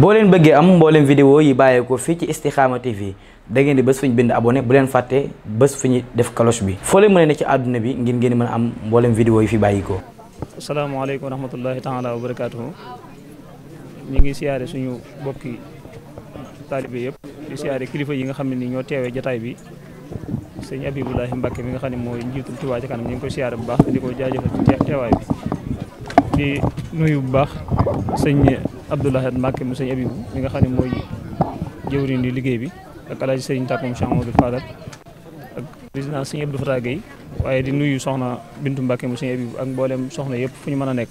boo leen bëggee am mbooleem vidéo yi bàyyeekoo fii ci Istikhama TV da ngeen di bés fu ñu bind abonné bu leen fàtte bés fu ñu def cloche bi foo leen mën a ne ci àdduna bi ngir ngeen mën a am mbooleem vidéo yi fi bàyyikoo asalaamaaleykum wa rahmatullahi taala wa barakaatuhu ñu ngi siyaare suñu bokki taalibe yëpp di siyaare kilifa yi nga xam ne ni ñoo teewee jataay bi sëñ Abibulahi Mbàkke mi nga xam ne mooy njiitul Touba Ca Kanam ñu ngi koy siyaare bu baax di ko jaajo ci teewaay bi di Abdoulahat Mbacke mu sëñ Abibu mi xam ne mooy jëwriñ liggéey bi ak alaaji sëriñ Tàkku mu Cheikh Amadou Fadal ak président sëñ Abdou Fatah Gueye waaye di nuyu soxna Bintu Mbacke mu sëñ Abibu ak mboolem soxna yëpp fu ñu mën a nekk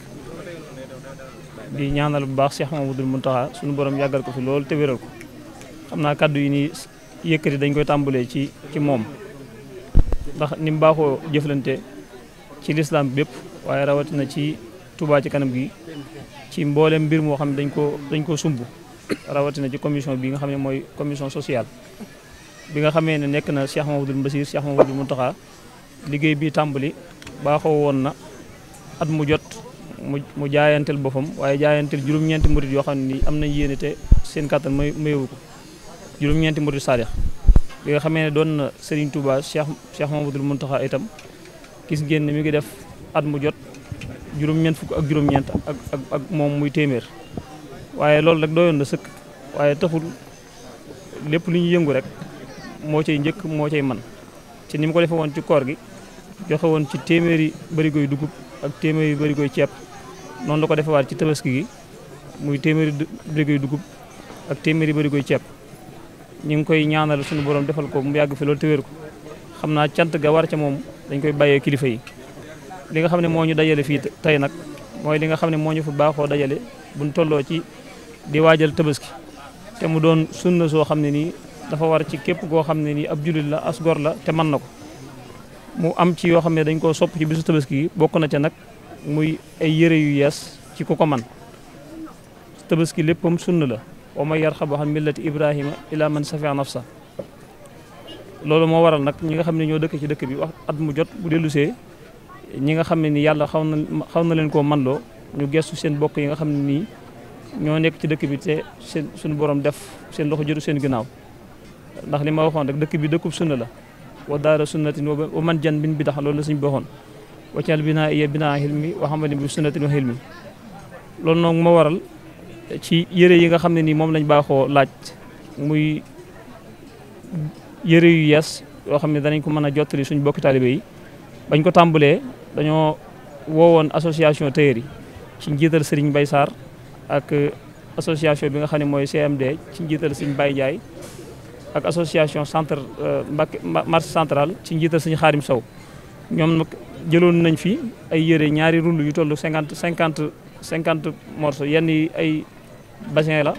di ñaanal bu baax Cheikh Mamadou Mountakha suñu borom yàggal ko fi loolu te wéral ko xam naa kàddu yi nii yëkkati dañ koy tàmbalee ci ci moom ndax ni mu baaxoo jëflante ci lislaam bépp waaye rawatina ci Touba ci kanam gi ci mboolem mbir moo xam ne dañ ko dañ ko sumb rawatina ci commission bi nga xam ne mooy commission sociale bi nga xamee ne nekk na Cheikh Mamadou Mbassir Cheikh Mamadou Mountakha liggéey bi tàmbali baaxoo woon na at mu jot mu mu jaayantel boppam waaye jaayantel juróom-ñeenti murit yoo xam ne ni am nañ yéene te seen kàttan may mayewu ñeenti murit saalix bi nga xamee ne doon na Serigne Touba Cheikh Cheikh Mamadou Mountakha itam gis ngeen ngi def at mu jot juróom-ñeent ak juróom ak ak ak moom muy téeméer waaye loolu rek doyoon na sëkk waaye taxul lépp lu ñuy yëngu rek moo cay njëkk moo cay man ci ni mu ko defee woon ci koor gi joxe woon ci téeméeri barigoy dugub ak téeméeri barigoy ceeb noonu la ko defewaat ci tabaski gi muy téeméeri barigoy dugub ak téeméeri ceeb ñu ngi koy ñaanal sunu borom defal ko mu yàgg fi loolu téwéer ko xam naa cant ga war ca moom dañ koy bàyyee kilifa yi li nga xam ne moo ñu dajale fii tey nag mooy li nga xam ne moo ñu fi baaxoo dajale buñ tolloo ci di waajal tabaski te mu doon sunna soo xam ne nii dafa war ci képp goo xam ne nii ab jullit la as gor la te man na ko mu am ci yoo xam ne dañ koo sopp ci bisu tabaski gi bokk na ca nag muy ay yëre yu yees ci ku ko man tabaski léppam sunna la wa may yarxabu xam millati ibrahima ila man safia nafsa loolu moo waral nag ñi nga xam ne ñoo dëkk ci dëkk bi at mu jot bu dellusee ñi nga xam ne ni yàlla xaw na xaw na leen koo man loo ñu gestu seen bokk yi nga xam ne nii ñoo nekk ci dëkk bi te seen suñu borom def seen loxo jëru seen ginnaaw ndax li ma waxoon rek dëkk bi dëkkub sunna la wa daara sunnatin wa man jan bin bi dax loolu la suñ boxoon waccal binaa iya binaa xilmi waxamane bi sunnatin wa xilmi loolu noonu ma waral ci yëre yi nga xam ne nii moom lañ baaxoo laaj muy yëre yu yees yoo xam ne danañ ko mën a jottali suñ bokki taalibe yi bañ ko tàmbalee dañoo woowoon association tailleur ci njiital Serigne Mbaye Sarr ak association bi nga xam ne mooy CMD ci njiital Serigne Baye Ndiaye ak association centre euh, Mbacké marché central ci njiital Serigne Xaarim Sow ñoom nag jëloon nañ fi ay yére ñaari rull yu toll cinquante cinquante cinquante morceaux yenn yi ay bassin la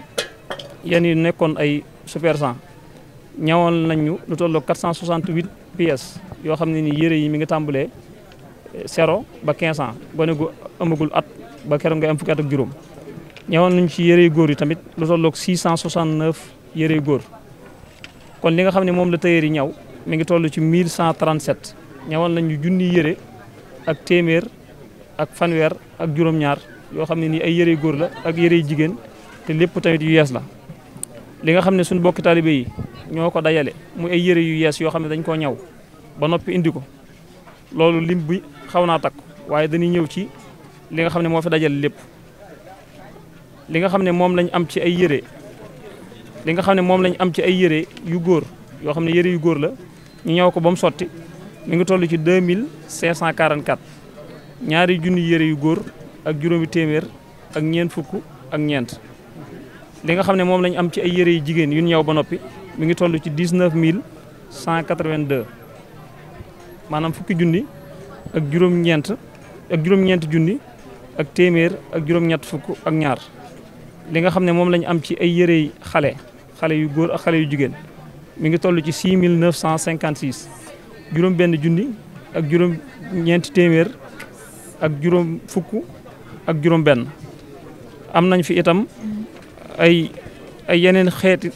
yenn yi nekkoon ay super 100 ñawoon nañ ñu lu toll 468 pièces yoo xam ne ni yére yi mi ngi tàmbalee zéro ba quinze ans gone gu ëmmagul at ba keroog ngay am fukki at ak juróom ñëwoon nañ ci yërey góor yi tamit lu tolloog six cent soixante neuf yërey góor kon li nga xam ne moom la tailleur yi ñaw mi ngi toll ci 1137 ñawoon nañu junni yëre ak téeméer ak fanweer ak juróom-ñaar yoo xam ne nii ay yëre góor la ak yëre jigéen te lépp tamit yu yees la. li nga xam ne suñ bokki bi ñoo ko dajale muy ay yëre yu yees yoo xam ne dañ koo ñaw ba noppi indi ko loolu lim xaw naa takku waaye dañuy ñëw ci li nga xam ne moo fi dajal lépp li nga xam ne moom lañ am ci ay yére li nga xam ne moom lañ am ci ay yére yu góor yoo xam ne yére yu góor la ñu ñëw ko ba mu sotti mi ngi toll ci 2544 ñaari junni yére yu góor ak juróomi téeméer ak ñeent fukk ak ñeent li nga xam ne moom lañu am ci ay yére yu jigéen yu ñëw ba noppi mi ngi toll ci mille 19182 maanaam fukki junni ak juróom-ñeent ak juróom-ñeent junni ak téeméer ak juróom-ñett fukk ak ñaar li nga xam ne moom lañu am ci ay yërey xale xale yu góor ak xale yu jigéen mi ngi toll ci mille 6956 juróom benn junni ak juróom ñeent téeméer ak juróom fukk ak juróom benn am nañ fi itam ay ay yeneen xeet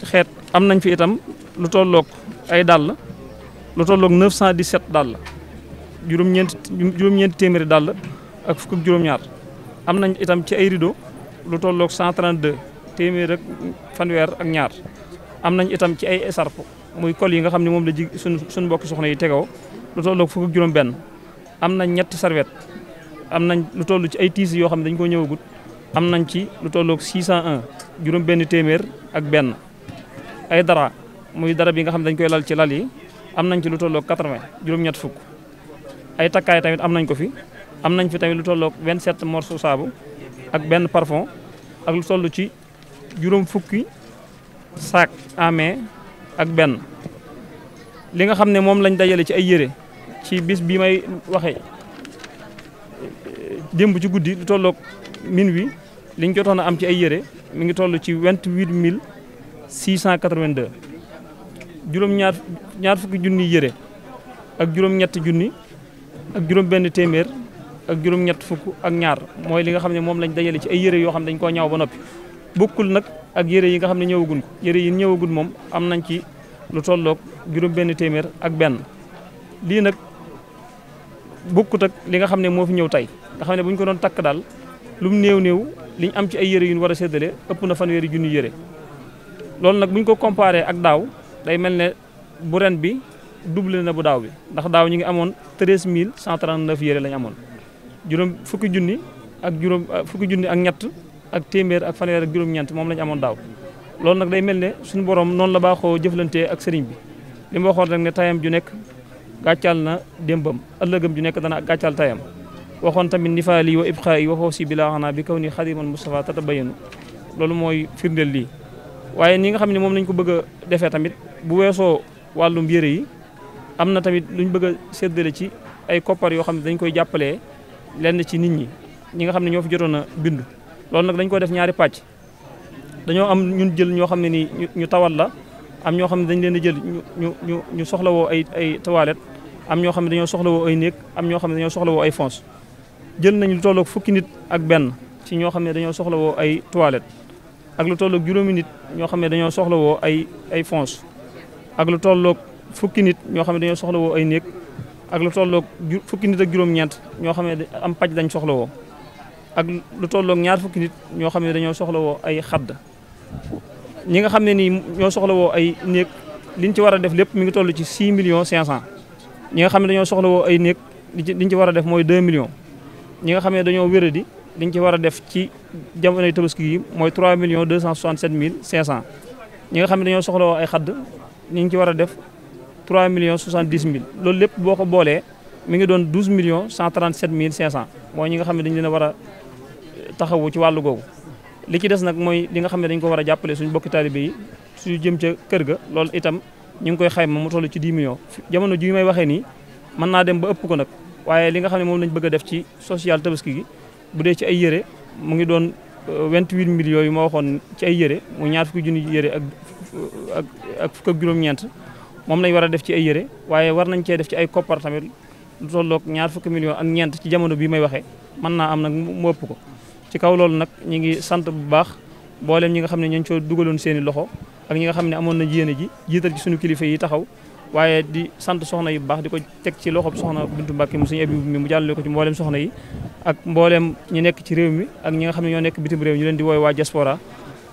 am nañ fi itam lu tolloog ay dàll lu tolloog 917 dàll juróom-ñeenti juróom-ñeenti téeméeri dàll ak fukk ak juróom-ñaar am nañ itam ci ay rido lu tolloog 132 téeméer ak fanweer ak ñaar am nañ itam ci ay écharpe muy col yi nga xam ne moom la ji suñ suñ mbokki soxna yi tegoo lu tolloog fukk ak juróom-benn am nañ ñetti serviette am nañ lu toll ci ay tiis yoo xam ne dañ ko ñëwagut am nañ ci lu tolloog 601 juróom-benn téeméer ak benn ay dara muy dara bi nga xam ne dañ koy lal ci lal yi am nañ ci lu tolloog 80 juróom-ñett fukk. ay takkaay tamit am nañ ko fi am nañ fi tamit lu tolloog 27 morceaux saabu ak benn parfum ak lu toll ci juróom fukki saak amee ak benn li nga xam ne moom lañ dajale ci ay yére ci bis bi may waxee eh, démb ci guddi lu tolloog min wi liñ jotoon a am ci ay yére mi ngi toll ci 28 682 juróom ñaar ñaar fukki junni yére ak juróom-ñetti junni ak juróom benn téeméer ak juróom ñett fukk ak ñaar mooy li nga xam ne moom lañ dajale ci ay yére yoo xam ne dañ koo ñaaw ba noppi bokkul nag ak yére yi nga xam ne ñëwagun ko yére yi ñëwagun moom am nañ ci lu tolloog juróom benn téeméer ak benn lii nag bokkut ak li nga xam ne moo fi ñëw tey nga xam ne bu ñu ko doon takk daal lu mu néew néew liñ am ci ay yére yu ñu war a séddale ëpp na fan fanweeri junni yére loolu nag bu ko comparé ak daaw day mel ne bu ren bi doublé na bu daaw bi ndax daaw ñu ngi amoon treize mille cent trente neuf yére la amoon juróom fukki junni ak juróom ah, fukki junni ak ñett ak téeméer ak fanweer ak juróom-ñeent moom la amoon daaw loolu nag day mel ne suñu borom noonu la baaxoo jëflantee ak sëriñ bi li mu waxoon rek ne tayam ju nekk gàccaal na démbam ëllëgam ju nekk dana gàccaal tayam waxoon tamit nifaali wa ibxaa yi waxoo si bilaa xanaa bi kaw ni xadimal Moustapha tatabayanu loolu mooy firndeel lii waaye ni nga xam ne moom lañ ko bëgg defee tamit bu weesoo wàllum yére yi am na tamit lu ñu bëgg a séddale ci ay koppar yoo xam ne dañ koy jàppalee lenn ci nit ñi ñi nga xam ne ñoo jotoon a bindu loolu nag dañ ko def ñaari pàcc dañoo am ñun jël ñoo xam ne nii ñu tawal la am ñoo xam ne leen di jël ñu ñu ñu soxlawoo ay ay toilette am ñoo xam ne dañoo soxlawoo ay néeg am ñoo xam ne dañoo soxlawoo ay fons jël nañ lu tolloog fukki nit ak benn ci ñoo xam ne dañoo soxlawoo ay toilette ak lu tolloog juróomi nit ñoo xam ne dañoo soxlawoo ay ay fons ak lu tolloog fukki nit ñoo xam ne dañoo soxla woo ay néeg ak lu tolloog fukki nit ak juróom-ñeent ñoo xam ne am paj lañ soxla woo ak lu tolloog ñaar fukki nit ñoo xam ne dañoo soxla woo ay xadd ñi nga xam ne nii ñoo soxla woo ay néeg liñ ci war a def lépp mi ngi toll ci 6 millions 500 ñi nga xam ne dañoo soxla woo ay néeg liñ ci war a def mooy 2 millions ñi nga xam ne dañoo wéradi liñ ci war a def ci jamonoy tabaski yi mooy cent millions 267 mille 500 ñi nga xam ne dañoo soxla woo ay xadd liñ ci war a def 3 millions 70 mille loolu lépp boo boolee mi ngi doon 12 millions 137 mille 500 mooy ñi nga xam ne dañu leen a a euh, taxawu ci wàllu googu. li ci des nag mooy li nga xam ne dañ ko war a jàppale suñu bokki taalibe yi su jëm ca kër ga loolu itam ñu ngi koy xayma mu toll ci 10 millions. jamono ji may waxee nii mën naa dem ba ëpp ko nag waaye li nga xam ne moom lañ bëgg a def ci social tabaski gi bu dee ci ay yére mu ngi doon 28 millions yi ma waxoon ci ay yére mu ñaar fukki junni yére ak ak ak fukk ak moom lañ war a def ci ay yére waaye war nañ cee def ci ay koppar tamit lu tolloog ñaar fukki million ak ñeent ci jamono bii may waxee mën naa am nag mu ëpp ko ci kaw loolu nag ñi ngi sant bu baax booleem ñi nga xam ne ñooñu coo dugaloon seen loxo ak ñi nga xam ne amoon na yéene ji jiital ci suñu kilifa yi taxaw waaye di sant soxna yu baax di ko teg ci loxob soxna Bintu Mbàkke mu suñu abi mi ko ci mbooleem soxna yi ak mbooleem ñu nekk ci réew mi ak ñi nga xam ne ñoo nekk bitim réew ñu leen di wooy waa diaspora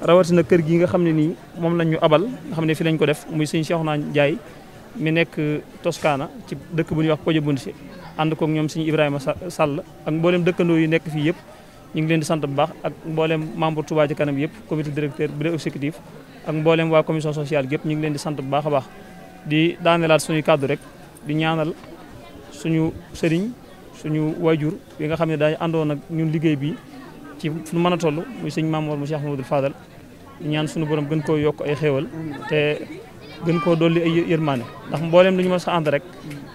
rawatina kër gi nga xam ne nii moom lañ ñu abal nga xam ne fi lañ ko def muy sëñ Cheikhouna Ndiaye mu nekk Toscana ci dëkk bu nu wax si ànd koog ñoom sëñ Ibrahima Sall ak mboolem dëkkandoo yi nekk fii yëpp ñu ngi leen di sant bu baax ak mboolem membre Touba Ca Kanam yëpp comité directeur bu dee exécutif ak mboolem waa commission sociale yëpp ñu ngi leen di sant a baax di daaneelaat suñuy kàddu rek di ñaanal suñu sëriñ suñu waajur bi nga xam ne daa àndoon ak ñun liggéey bi ci fu mën a toll muy sëñ Mamour mu Cheikh Mamadou Fadal ñaan suñu borom gën koo yokk ay xéewal te gën koo dolli ay yërmaane ndax mbooleem lu ñu mës a ànd rek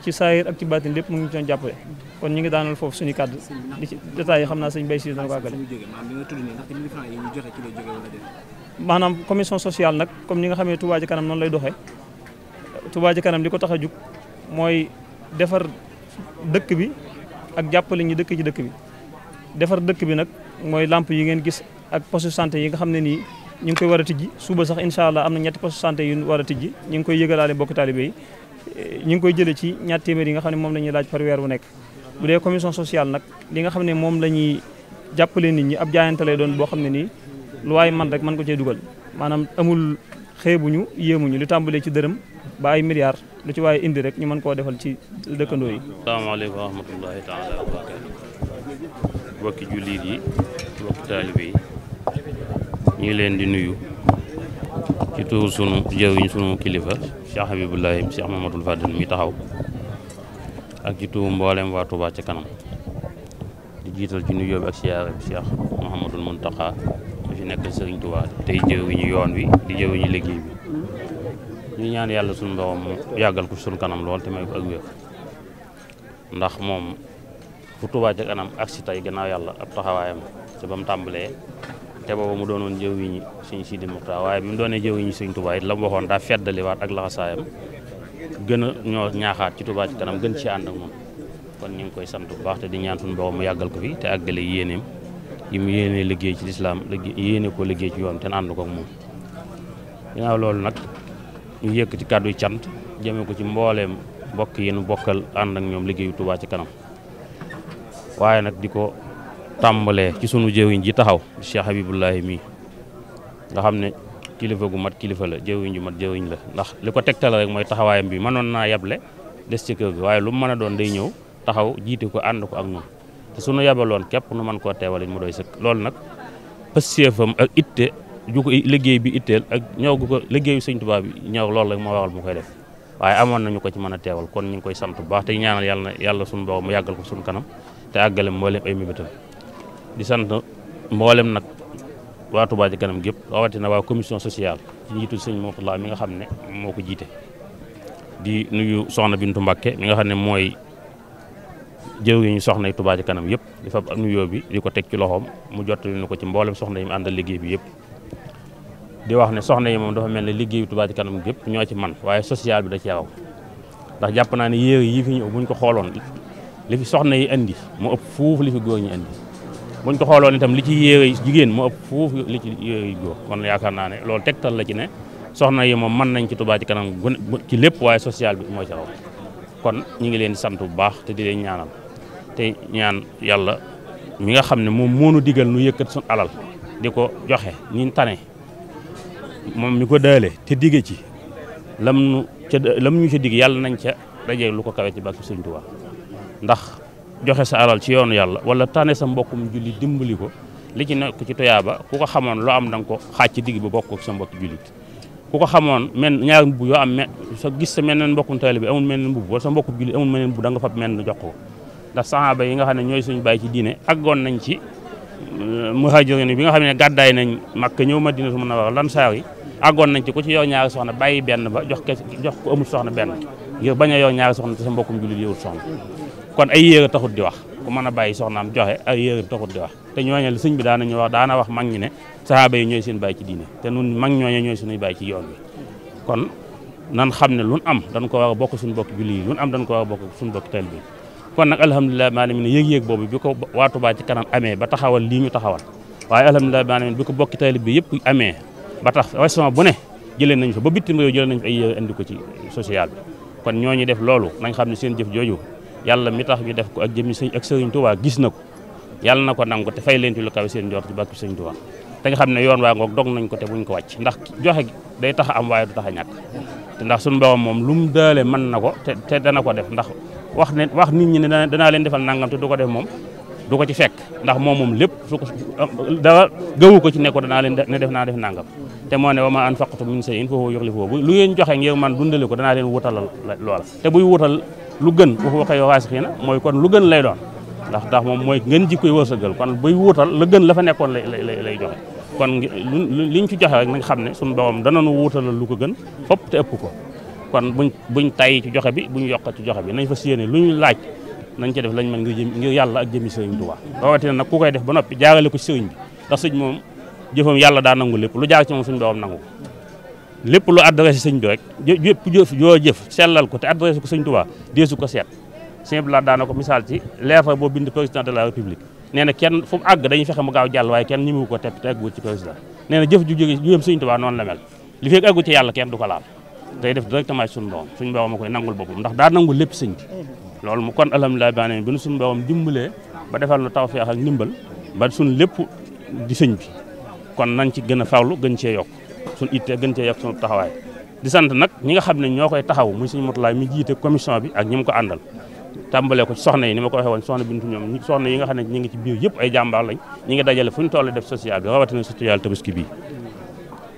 ci saayir ak ci baatin lépp mu ngi doon jàppale kon ñu ngi daanal foofu suñu kàddu di ci détails yi xam naa sëñ Bay Si dana ko àggale maanaam commission sociale nag comme ñi nga xamee Touba Ca Kanam noonu lay doxee Touba Ca Kanam li ko tax a jug mooy defar dëkk bi ak jàppale ñi dëkk ci dëkk bi defar dëkk bi nag mooy làmp yi ngeen gis ak poste santé yi nga xam ne nii ñu ngi koy war a tijji suba sax incha allah am na ñetti poste santé yu war a tijji ñu ngi koy yëgalaale bokk taalibe yi ngi koy jëlee ci ñaar téeméer yi nga xam ne moom la ñuy laaj par weer bu nekk bu dee commission sociale nag li nga xam ne moom la jàppale nit ñi ab jaayante doon boo xam ne nii lu waay man rek mën ko cee dugal maanaam amul xeebuñu yéemuñu lu tàmbalee ci dërëm ba ay milliards lu ci waaye indi rek ñu mën koo defal ci dëkkandoo yi asalaamaaleykum wa rahmatullahi taala wa barakatu bokki jullit yi bokki ñu ngi leen di nuyu ci tuur sunu jëwiñ sunu kilifa Cheikh Habibullahi Cheikh Mamadou Fadil mi taxaw ak ci tuur mboolem waa Touba ca kanam di jiital ci nuyoo bi ak siyaare bi Cheikh Mouhamadul Mountakha mu fi nekk Serigne Touba yi ñu yoon wi di jëwiñu liggéey bi ñu ñaan yàlla suñu borom mu yàggal ko suñu kanam lool te may ko ak wér ndax moom fu Touba ca kanam ak si tey gannaaw yàlla ab taxawaayam te ba mu tàmbalee te booba mu doonoon jëwriñu sëñ Sidi Muxtaar waaye bi mu doonee jëwriñu sëñ Touba it la mu waxoon daa feddaliwaat ak laxasaayam gën a ñoo ñaaxaat ci Touba ci kanam gën ci ànd ak moom kon ñu ngi koy sant bu baax te di ñaan suñu borom mu yàggal ko fi te àggale yéeneem yi mu yéenee liggéey ci lislaam yéene ko liggéey ci yoon te ànd ko ak loolu nag ñu yëkkati kàddu cant jëmee ko ci mbooleem mbokk yi nu bokkal ànd ak ñoom liggéeyu Touba ci kanam waaye nag di ko tàmbalee ci sunu jëwriñ ji taxaw Cheikh Habibullahi mii nga xam ne kilifa gu mat kilifa la jëwriñ ju mat jëwriñ la ndax li ko tegtal rek mooy taxawaayam bi mënoon naa yable des ci kër gi waaye lu mu mën a doon day ñëw taxaw jiite ko ànd ko ak ñun te sunu yabaloon képp nu mën koo teewal mu doy sëkk loolu nag pësseefam ak itte ju ko liggéey bi itteel ak ñëw gu ko liggéeyu sëñ Tuubaa bi ñëw loolu rek moo waral mu koy def waaye amoon nañu ko ci mën a teewal kon ñu ngi koy sant bu baax te ñaa yàlla na yàlla sunu borom mu yàggal ko sunu kanam te àggale mboolem ay mébétam di sant mboolem nag waa Touba Kanam gépp rawatina waa commission sociale ci njiitu sëñ Mourtala mi nga xam ne moo ko jiite di nuyu soxna Bintu Mbàkke mi nga xam ne mooy jëw ñu soxna yi Touba Kanam yëpp di fab ab nuyoo bi di ko teg ci loxoom mu jottali ñu ko ci mboolem soxna yi mu àndal liggéey bi yëpp wax ne soxna yi moom dafa mel ne liggéey bi Kanam gépp ñoo ci man waaye social bi da ci raw ndax jàpp naa ne yéer yi fi ñëw buñ ko xooloon li soxna yi indi mu ëpp fuuf li fi góor ñi buñ ko xooloon itam li ci yéey jigéen mu ëpp fuuf li ci yéey góor kon yaakaar naa ne loolu tegtal la ci ne soxna yi moom mën nañ ci Touba ci kanam ci lépp waaye social bi moo ci raw kon ñu ngi leen sant bu baax te di leen ñaanal te ñaan yàlla mi nga xam ne moom moonu digal nu yëkkat suñu alal di ko joxe ñu tane moom mi ko daale te digge ci lam nu lam ñu ca digg yàlla nañ ca daje lu ko kawe ci bàkki Sëriñ Tuubaa ndax joxe sa alal ci yoonu yàlla wala tànne sa mbokkum julli dimbali ko li ci nekk ci toyaaba ku ko xamoon loo am da nga ko xaaj ci digg ba bokk ak sa mbokki jullit ku ko xamoon men ñaari mbubb yoo am me sa gis sa meneen mbokkum taalibe bi amul meneen mbubb wala sa mbokku jullit amul meneen mbubb da nga fab menn jox ko ndax saxaaba yi nga xam ne ñooy suñu bàyyi ci diine aggoon nañ ci euh, muhajirin bi nga xam ne gàddaay nañ Makka ñëw Madina su mën a wax lan nañ ci ku ci yor ñaari soxna bàyyi benn ba jox jox ko amul soxna benn ngir bañ a ñaari soxna te sa mbokkum jullit yowul soxna kon ay yéega taxut wax ku mën a bàyyi soxnaam joxe ay yéega taxut di wax te ñooñu la sëñ bi daana ñu wax daana wax mag ñi ne saxaaba yi ñooy seen bàyyi ci diine te nun mag ñooñu ñooy suñuy bàyyi ci yoon kon nan xam ne lun am dañ ko bokk suñu bokk julli yi lun am dañ ko bokk suñu bokk bi kon nag alhamdulilah maanaam ne yéeg-yéeg boobu bi ko waa Touba ci kanam amee ba taxawal lii ñu taxawal waaye alhamdulilah maanaam bi ko bokki taalib bi yëpp amee ba tax weston bu ne jëlee nañ fa ba bitim réew jëlee nañ fa ay indi ko ci social bi kon ñooñu def loolu nañ xam ne seen jëf jooju yàlla mi tax ñu def ko ak jëmmi sëñ gis na ko yàlla na ko nangu te fay leen ci lu kawe seen njort ci bàkki sëñ Tuubaa te xam ne yoon waa ngoog dog nañ ko te buñ ko wàcc ndax joxe gi day tax am waaye du tax a ñàkk te ndax suñu borom moom lu mu daale man na ko te te dana ko def ndax wax ne wax nit ñi ne danaa leen defal nangam te du ko def moom du ko ci fekk ndax moom moom lépp su ko dara ko ci nekko danaa leen ne def naa def nangam te moo ne wa ma anfaqtum min shay'in fa lu ngeen joxe ngir man dundale ko danaa leen wutalal loola te buy wutal lu gën waxu waxee yow waasi na mooy kon lu gën lay doon ndax ndax moom mooy ngeen jikkoy wërsëgal kon buy wuutal la gën la fa nekkoon lay lay lay joxe kon liñ ci joxe rek na nga xam ne suñu borom danañu wuutalal lu ko gën fopp te ëpp ko kon buñ buñ tay ci joxe bi buñ yokk ci joxe bi nañ fa siyéene lu ñu laaj nañ ci def lañ mën ngir jëm ngir yàlla ak jëmi sëriñ Tuubaa rawatina nag ku koy def ba noppi jaarale ko sëriñ bi ndax sëñ moom jëfam yàlla daa nangu lépp lu jaar ci moom suñu borom nangu lépp lu adressé sëñ bi rek yëpp jëf yoo jëf ko te adressé ko sëñ Tuubaa deesu ko seet sëñ bi laa daana ko misaal ci lettre boo bind président de la république nee na kenn fu mu àgg fexe mu gaaw jàll waaye kenn ñimu ko tepp te àggu ci président nee na jëf ju jóge ju yëm sëñ Tuubaa noonu la mel li ci yàlla kenn du ko def directement ci suñu borom suñu borom koy nangul boppam ndax daa nangul lépp sëñ loolu mu kon alhamdulilah ba defal nu tawfeex ak bi kon nañ ci gën a fawlu gën cee yokk suñu itte gën a yokk suñu taxawaay di sant nag ñi nga xam ne ñoo koy taxaw muy suñu motulaay mi jiite commission bi ak ñi mu ko àndal tàmbalee ko ci soxna yi ni ma ko waxee woon soxna na ñoom soxna yi nga ne ñi ngi ci biir yëpp ay jàmbaar lañ toll def social bi rawatina social tabaski bii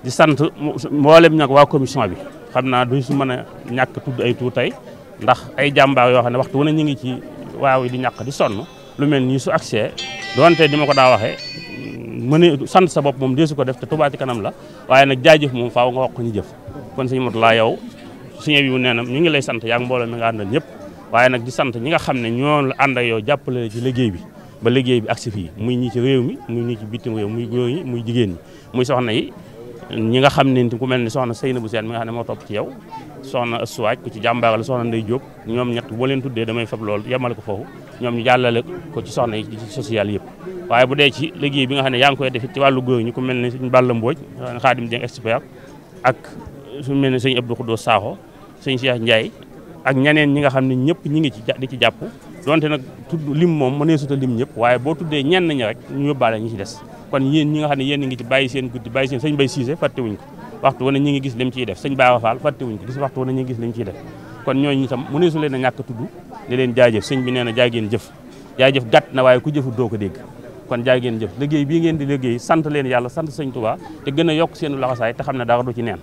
di sant mboolem bi xam naa duñ su mën a ñàkk tudd ay tuur tey ndax ay jàmbaar yoo xam ne waxtu wu ne ñu ngi ci waaw yi di ñàkk di sonn lu mel nii su accès donte di ma ko daa waxee mëne sant sa bopp moom deesu ko def te Touba ci kanam la waaye nag jaajëf moom faaw nga wax ko ñu jëf kon sëñ Mourtalla yow suñu bi mu nee na ñu ngi lay sant yaa ngi mbooloo mi nga àndal ñëpp waaye nag di sant ñi nga xam ne ñoo la ànd ak yow jàppale ci liggéey bi ba liggéey bi ak si fii muy ñii ci réew mi muy ñi ci bitim réew muy góor ñi muy jigéen ñi muy soxna yi ñi nga xam ne ku mel ni soxna Seynabou Sène mi nga xam ne moo topp ci yow soxna Assuwaaj ku ci jàmbaar la soxna Ndey Diop ñoom ñett boo leen tuddee damay fab loolu yemal ko foofu ñoom ñu jàllale ko ci soxna yi ci social yëpp waaye bu dee ci liggéey bi nga xam ne yaa ngi koy def ci wàllu góor ñi ku mel ni suñ Balla Mbooj Xaadim Dieng expert ak suñ mel ni suñ Abdou Khoudous Sakho suñ Cheikh Ndiaye ak ñeneen ñi nga xam ne ñëpp ñi ngi ci di ci jàpp donte nag tudd lim moom mënee suta lim ñëpp waaye boo tuddee ñenn ñi rek ñu yóbbaale ñi ci des kon yéen ñi nga xam ne yéen ngi ci bàyyi seen guddi bàyyi seen sëñ bay siise fàttewuñ ko waxtu wane ñi ngi gis lim ciy def sëñ Baara Faal fàttewuñ ko gis waxtu wane ñi ngi gis lim ciy def kon ñooñu itam mënee su leen a ñàkk tudd di leen jaajëf sëñ bi nee na jaageen jëf na waaye ku jëfut doo ko dégg kon jaa ngeen jëf liggéey bii ngeen di liggéey sant leen yàlla sant sëñ Tuubaa te a yokk seenu laxasaay te xam ne dara du ci neen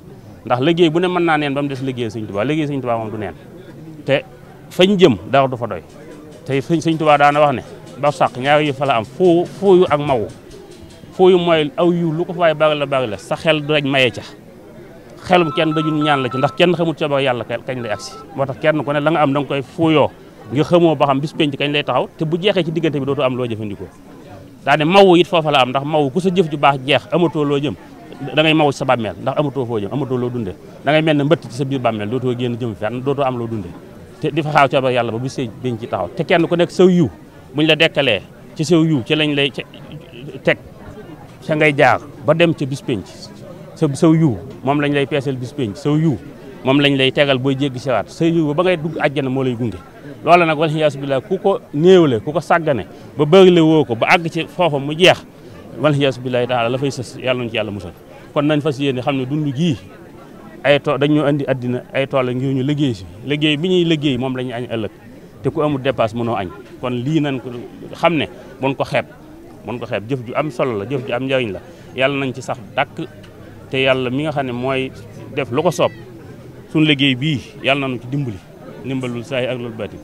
ndax liggéey mën naa neen ba mu des liggéey sëñ Tuubaa liggéey sëñ Tuubaa te fañ jëm dara du fa doy te tey sëñ sëñ Tuubaa daana wax ne ba sàq ñaar yu fa la am foo fooyu ak mawu fooyu mooy aw yu lu ko fa waay bari la bari la sa xel du lañ maye ca xelum kenn dañu ñaan la ci ndax kenn xamul coobar yàlla kañ lay si moo tax kenn ku ne la am da nga koy fooyoo nga xamoo ba xam bis penc kañ lay taxaw te bu jeexee ci diggante bi dootu am loo jëfandikoo daa ne mawu it foofa la am ndax mawu ku sa jëf ju baax jeex amatoo loo jëm da ngay maw ci sa bàmmeel ndax amatoo foo jëm amatoo dunde da mel ne mbëtt ci sa biir bàmmeel dootoo génn jëm fenn dootoo am loo dunde te di fa xaaw coobar yàlla ba bu sëñ ci taxaw te kenn ku nekk saw yiw buñ la dekkalee ci saw yiw ci lañ lay teg ca ngay jaar ba dem ca bis penc sa saw yiw moom lañ lay peesal bis penc saw yiw moom lañ lay tegal booy jéggi siwaat saw yiw ba ngay dugg àjjana moo lay gunge loola nag wal xiyaasu billaah ku ko néewle ku ko sàggane ba bërile woo ko ba àgg ci foofa mu jeex wal xiyaasu billaah taala la fay sës yàlla nañ ci yàlla musal kon nañ fas yéene xam ay tool dañ ñoo andi ay tool ngir ñu liggéey si liggéey bi ñuy liggéey moom la añ ëllëg te ku amul dépasse mënoo añ kon lii nañ ko xam ne buñ ko xeeb buñ ko xeeb jëf ju am solo la jëf ju am njariñ la yàlla nañ ci sax dàkk te yàlla mi nga xam ne mooy def lu ko soob suñ liggéey bii yàlla nañu ci dimbali dimbalul saa yi ak loolu baati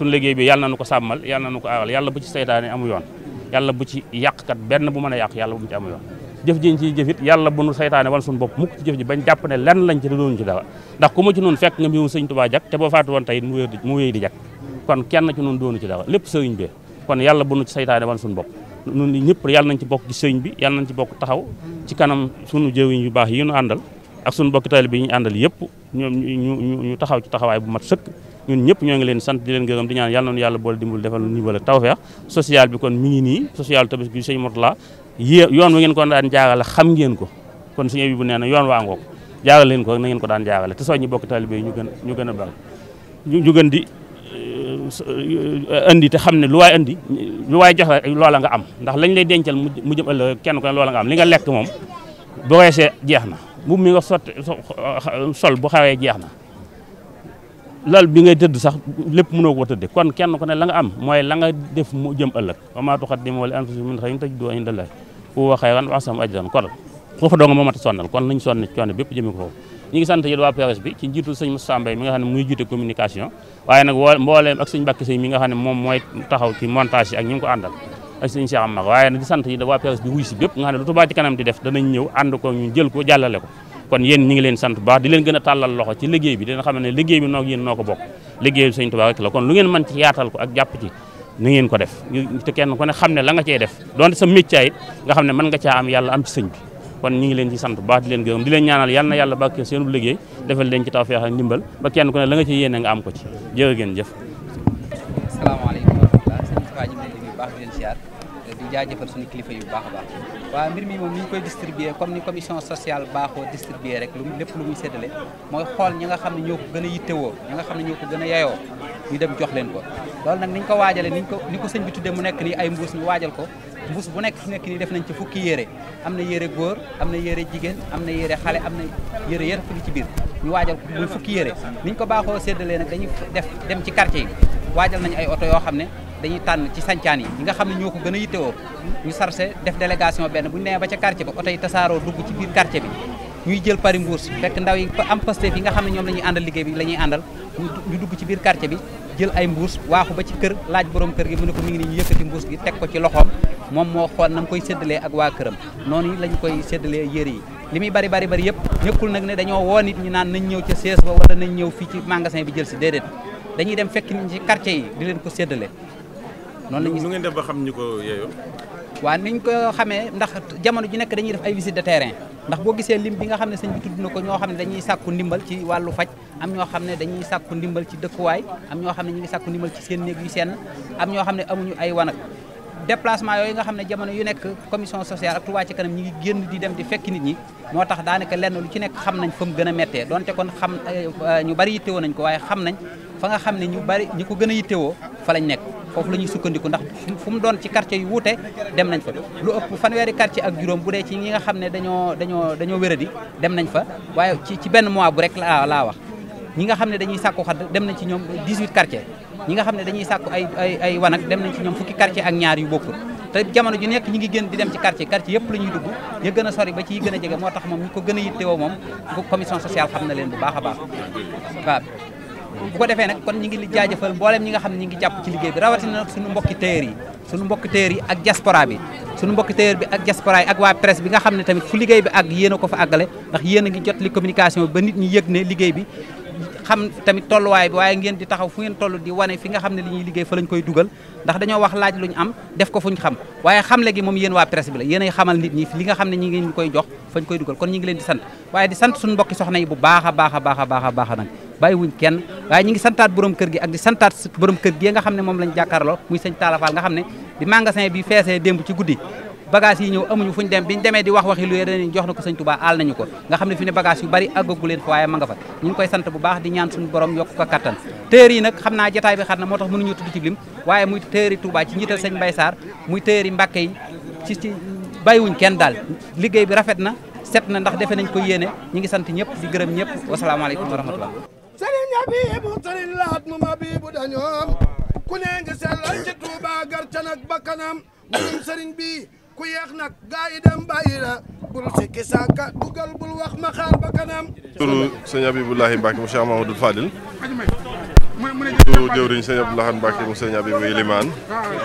suñ liggéey bii na nu ko sàmmal yàlla nañu ko aawal yàlla bu ci seytaane amu yoon yàlla bu ci yàqkat benn bu mën a yàq yàlla bu mu ci amu jëf jiñ ci jëf it yàlla bu nu saytaane wan suñu bopp mukk ci jëf ji bañ jàpp ne lenn lañ ci doon ci dara ndax ku mu ci noonu fekk nga mbirum sëñ Tuubaa jak te boo faatu woon tey mu wéy di jak kon kenn ci noonu doonu ci dara lépp sëriñ bi kon nu ci wan suñu bopp ñun ñëpp yàlla nañ ci bokk ci sëriñ bi yàlla nañ ci bokk ñu ñu ñu taxaw ci taxawaay bu mat sëkk ñun ñëpp ñoo ngi leen sant di leen gërëm di ñaan yàlla noonu yàlla boole dimbal defal nu niveau la tawfeex social bi kon mi ngi nii bi sëñ Murtala yéen yoon wi ngeen ko daan jaagale xam ngeen ko kon suñu bu nee na yoon waa ngoog jaagal leen ko na ngeen ko daan jaagale te soññi bokk taalibe yi ñu gën ñu gën a bal ñu gën di andi euh, te xam ne lu waay andi lu waay jox loola nga am ndax lañ lay dencal mu jëm ëllëg kenn ku ne loola nga am li nga lekk moom boo weesee jeex na mbubb mi nga sotti sol bu xawee jeex na lal bi ngay tëdd sax lépp mënoo ko tëdde kon kenn ku ne la nga am mooy la nga def mu jëm ëllëg wa maa tuqaddimu li anfusikum min xayrin tajiduhu inda Allaah ku waxee wan wax sama ajran kon a nañ sonn coono bépp jëmee ko foofu ñu taxaw ci montage ak ñu ko àndal ak sëñ Cheikh Amar waaye nag di sant yi waa ñëw ànd ko ñu jël ko jàllale ko kon yéen ñi leen sant bu di leen gën a tàllal loxo ci liggéey bi dina xam ne liggéey bi noo yéen noo ko bokk liggéey kon lu ngeen mën ci yaatal ko ak jàpp ci ni ngeen ko def te kenn ku ne xam ne la nga cee def donte sa métier it nga xam ne man nga caa am yàlla am ci sëñ bi kon ñu ngi leen ci sant baax di leen gërëm di leen ñaanal yal na yàlla bàkkee seen bu liggéey defal leen ci tawfeex ak ndimbal ba kenn ku ne la nga ci yéene nga am ko ci jërë ngeen jëf asalaamaaleykum wa rahmatulah sëñ Moustapha ñu ngi leen di kilifa yu baax a baax waaw mbir mi moom ni ñu koy distribuer comme ni commission sociale baaxoo distribuer rek lépp lu muy séddale mooy xool ñi a yittewoo ñu dem jox leen ko loolu nag niñ ko waajalee niñ ko ni ko sëñ bi tuddee mu nekk nii ay mbuus ñu waajal ko mbuus bu nekk fi nekk nii def nañ ci fukki yére am na yére góor am na yére jigéen am na yére xale am na yére yére fu ci biir ñu waajal ko muy fukki yére niñ ko baaxoo séddalee nag dañu def dem ci quartier yi waajal nañ ay oto yoo xam ne dañuy tànn ci sancaan yi ñi nga xam ne ñoo ko gën a yittewoo ñu sarse def délégation benn bu ñu nee ba ca quartier ba oto yi dugg ci biir quartier bi ñuy jël pari mbuur si fekk ndaw yi am Pastef yi nga xam ne ñoom la ñuy àndal liggéey bi la ñuy àndal ñu dugg ci biir quartier bi jël ay mbuus waaxu ba ci kër laaj borom kër gi mu ne ko mi ngi gi teg ko ci loxoom moom moo xool na koy séddalee waa këram noonu lañ koy séddalee yëre yi li muy bari bari bari yëpp ñëkkul nag ne dañoo woo nit ñi naan nañ ñëw ca sees ba wala nañ ñëw fii ci magasin bi jël si déedéet dañuy dem fekk nit ñi ci quartier yi di leen ko séddale noonu la ñuy nu ngeen def ba xam ñu ko yeeyoo waa ñu ko xamee ndax jamono ji nekk dañuy def ay visite de terrain ndax boo gisee lim bi nga xam ne sëñ bi tudd ko ñoo xam ne dañuy sàkku ndimbal ci wàllu faj am ñoo xam ne dañuy sàkku ndimbal ci dëkkuwaay am ñoo xam ne ñu ngi sàkku ndimbal ci seen néeg yu seen am ñoo xam ne amuñu ay wanag déplacement yooyu nga xam ne jamono yu nekk commission sociale ak Touba ci kanam ñi ngi génn di dem di fekk nit ñi moo tax daanaka lenn lu ci nekk xam nañ fa mu gën a méttee donte kon xam euh, ñu bari yittewoo nañ ko waaye xam nañ fa nga xam ne ñu bari ñi ko gën a yittewoo fa lañ nekk foofu la ñuy sukkandiku ndax fu mu doon ci quartier yu wuute dem nañ fa lu ëpp fanweeri quartier ak juróom bu dee ci ñi nga xam ne dañoo dañoo dañoo wéradi dem nañ fa waaye ci ci benn mois bu rek laa laa wax ñi nga xam ne dañuy sàkku xadd dem nañ ci ñoom 18 quartier ñi nga xam ne dañuy sàkku ay ay ay wanag dem nañ ci ñoom fukki quartier ak ñaar yu bokkul te jamono ju nekk ñi ngi gën di dem ci quartier quartier yëpp la ñuy dugg ya gën a sori ba ci gën a jege moo tax moom ñi ko gën a yittewoo moom commission sociale xam na leen bu baax a bu ko defee nag kon ñi ngi li jaajëfal mboolem ñi nga xam ne ñi ngi jàpp ci liggéey bi rawatina nag suñu mbokki téer yi suñu mbokki téer yi ak diaspora bi suñu mbokki téer bi ak diaspora yi ak waa presse bi nga xam ne tamit fu liggéey bi ak yéen a ko fa àggale ndax yéen a jot li communication bi ba nit ñi yëg ne liggéey bi xam tamit tolluwaay bi waaye ngeen di taxaw fu ngeen toll di wane fi nga xam ne li ñuy liggéey fa lañ koy dugal ndax dañoo wax laaj luñ am def ko fuñ xam waaye xamle gi moom yéen waa presse bi la yéen ay nit ñi li nga xam ne ñi ngi koy jox fañ koy dugal kon ñi ngi leen di sant waaye di sant suñu mbokki soxna yi bu baax baax a baax a baax a baax nag bàyyi wuñ kenn waaye ñi ngi santaat borom kër gi ak di santaat borom kër gi nga xam ne moom lañ jàkkaarloo muy sëñ Talla Fall nga xam ne bi magasin bi feesee démb ci guddi bagage yi ñëw amuñu fuñ dem biñ demee di wax waxi luy jox na ko sëñ Touba aal nañu ko nga xam ne fi ne bagage yu bari àggagu leen waaye ma nga koy sant bu baax di ñaan suñu borom yokk ko kattan téer yi nag xam naa jataay bi xat moo tax mënuñu tudd ci lim waaye muy téer yi Touba ci njiital sëñ Mbaye Sarr muy téer yi ci ci bàyyiwuñ kenn daal liggéey bi rafet na set na ndax defe nañ ko yéene ñi ngi sant ñëpp di gërëm ñëpp wasalaamaaleykum wa rahmatullah sëriñ Abibu sëriñ laat mu ma biibu dañoom ku ne ngi sellal ci Tuuba garca nag bakkanam mbirum sëriñ bi ku yeex nag gaa yi dem bàyyi la bul sikki sàkka dugal bul wax ma xaar bakkanam turu sëñ Abibulahi Mbàkke mu Cheikh Mahamadul Fadil turu jëwriñ sëñ Abdoulahan Mbàkke mu sëñ Abibu Ilimaan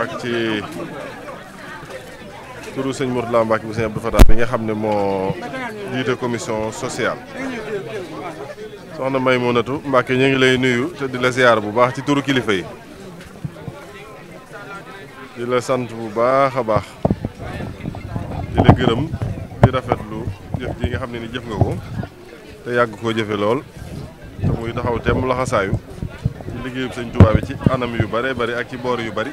ak ci turu sëñ Murtala Mbàkke mu sëñ Abdou Fatah bi nga xam ne moo jiite commission sociale soxna Maymunatu Mbàkke ñu ngi lay nuyu te di la ziyaar bu baax ci turu kilifa yi di la sant bu baax a baax di la gërëm di rafetlu jëf ji nga xam ne ni jëf nga ko te yàgg koo jëfe lool te muy taxaw temm laxasaayu ci liggéeyu sëñ Tuubaa bi ci anam yu bare bari ak ci boor yu bari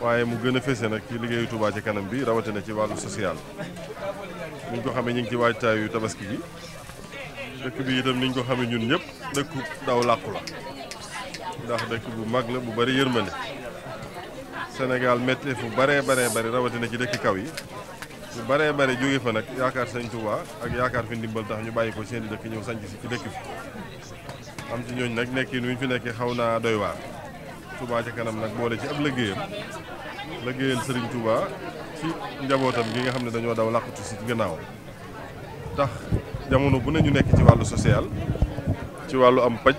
waaye mu gën fese nag ci liggéeyu Touba ci kanam bi rawatina ci wàllu social ñu ko xamee ñu ngi ci waajtaayu tabaski gi dëkk bi itam niñ ko xamee ñun ñëpp dëkk daw làqu la ndax dëkk bu mag la bu bari yërmande Sénégal métti fu baree baree bari rawatina ci dëkk kaw yi bu bare bari jóge fa nag yaakaar Sëñ Tuubaa ak yaakaar fi ndimbal tax ñu bàyyi ko seen i dëkk ñëw sanc si ci dëkk bi am ci ñooñ nag nekkin wi ñu fi nekkee xaw naa doy waar Touba ca kanam nag boole ci ab liggéeyam liggéeyal Sëriñ Touba ci njabootam gi nga xam ne dañoo daw làqutu si gannaawam tax jamono bu ne ñu nekk ci wàllu social ci wàllu am paj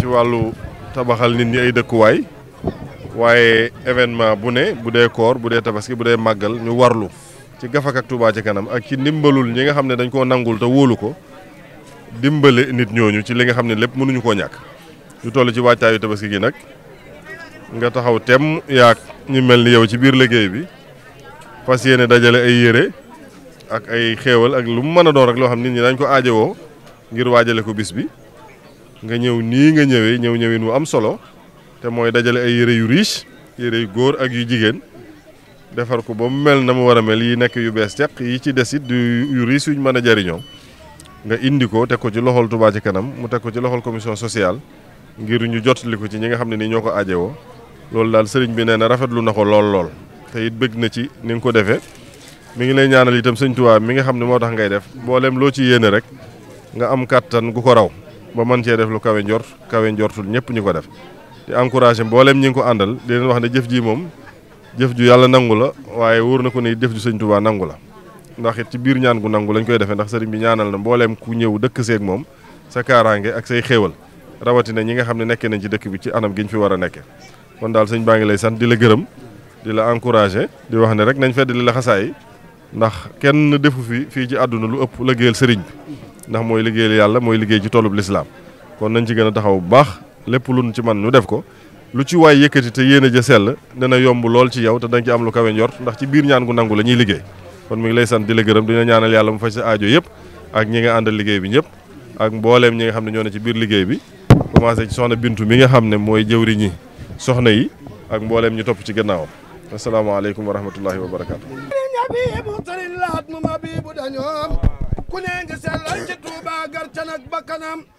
ci wàllu tabaxal nit ñi ay dëkkuwaay waaye événement bu ne bu dee koor bu dee tabaski bu dee màggal ñu warlu ci gafak ak ci kanam ak ci ndimbalul ñi nga xam ne dañ koo nangul te wóolu ko dimbale nit ñooñu ci li nga xam ne lépp mënuñu koo ñàkk ñu toll ci waajtaayu tabaski gi nag nga taxaw tem yaak ñu mel ni yow ci biir liggéey bi fas yéene dajale ay yére ak ay xéewal ak lu mu mën a doon rek loo xam nit ñi dañ ko woo ngir waajale ko bis bi nga ñëw nii nga ñëwee ñëw ñëwin wu am solo te mooy dajale ay yére yu riche yére yu góor ak yu jigéen defar ko ba mu mel na mu war a mel yi nekk yu bees teq yi ci des it yu riche yuñ mën a jariñoo nga indi ko teg ko ci loxol Touba ci kanam mu teg ko ci loxol commission sociale ngir ñu jottali ko ci ñi nga xam ne nii ñoo ko aajowoo loolu daal sëriñ bi nee na rafetlu na ko lool lool it bëgg na ci ni ko defee. mi ngi lay ñaanal itam sëñ Tuubaa mi nga xam ne moo tax ngay def mboolem loo ci yéene rek nga am kàttan gu ko raw ba mën cee def lu kawe njort kawe njortul ñëpp ñu ko def di encouragé mboolem ñi ngi ko àndal di leen wax ne jëf ji moom jëf ju yàlla nangu la waaye wóor na ko ni jëf ju sëñ Tuubaa nangu la ndax it ci biir ñaan gu nangu lañ koy defee ndax sëriñ bi ñaanal na mbooleem ku ñëw dëkk seeg moom sa kaaraange ak say xéewal rawatina ñi nga xam ne nekkee nañ ci dëkk bi ci anam gi fi war a nekke daal sëñ baa ngi lay sant di la gërëm di la encouragé di wax ne rek nañ fedd di la xasaay ndax kenn defu fi fii ci àdduna lu ëpp liggéeyal sëriñ bi ndax mooy liggéeyal yàlla mooy liggéey ci toolub lislaam kon nañ ci gën a taxaw bu baax lépp lu luñ ci man ñu def ko lu ci waay yëkkati te yéene ja sell dana yomb lool ci yow te danga ci am lu kawe njort ndax ci biir ñaan gu nangu la ñuy liggéey kon mi ngi lay sant di la gërëm dina ñaanal yàlla mu faj sa aajo yëpp ak ñi nga àndal liggéey bi ñëpp ak mbooleem ñi nga xam ne ñoo ne ci biir liggéey bi commencé ci soxna Bintu mi nga xam ne mooy jëwriñi soxna yi ak mbooleem ñu topp ci gannaawam asalaamaaleykum wa rahmatullahi wa barakaatu abibu sëriñ laat moom abibu dañoom ku ne ngi sellal ci Tuuba gar ca nag bakkanam